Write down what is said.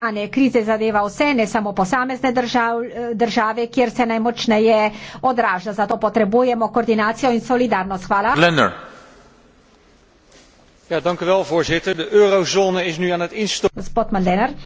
A ne, krize zadeva vse, ne samo posamezne držav, države, kjer se najmočneje odraža. Zato potrebujemo koordinacijo in solidarnost. Hvala. Lenner. Ja, dank u wel, voorzitter. De eurozone is nu aan het instorten.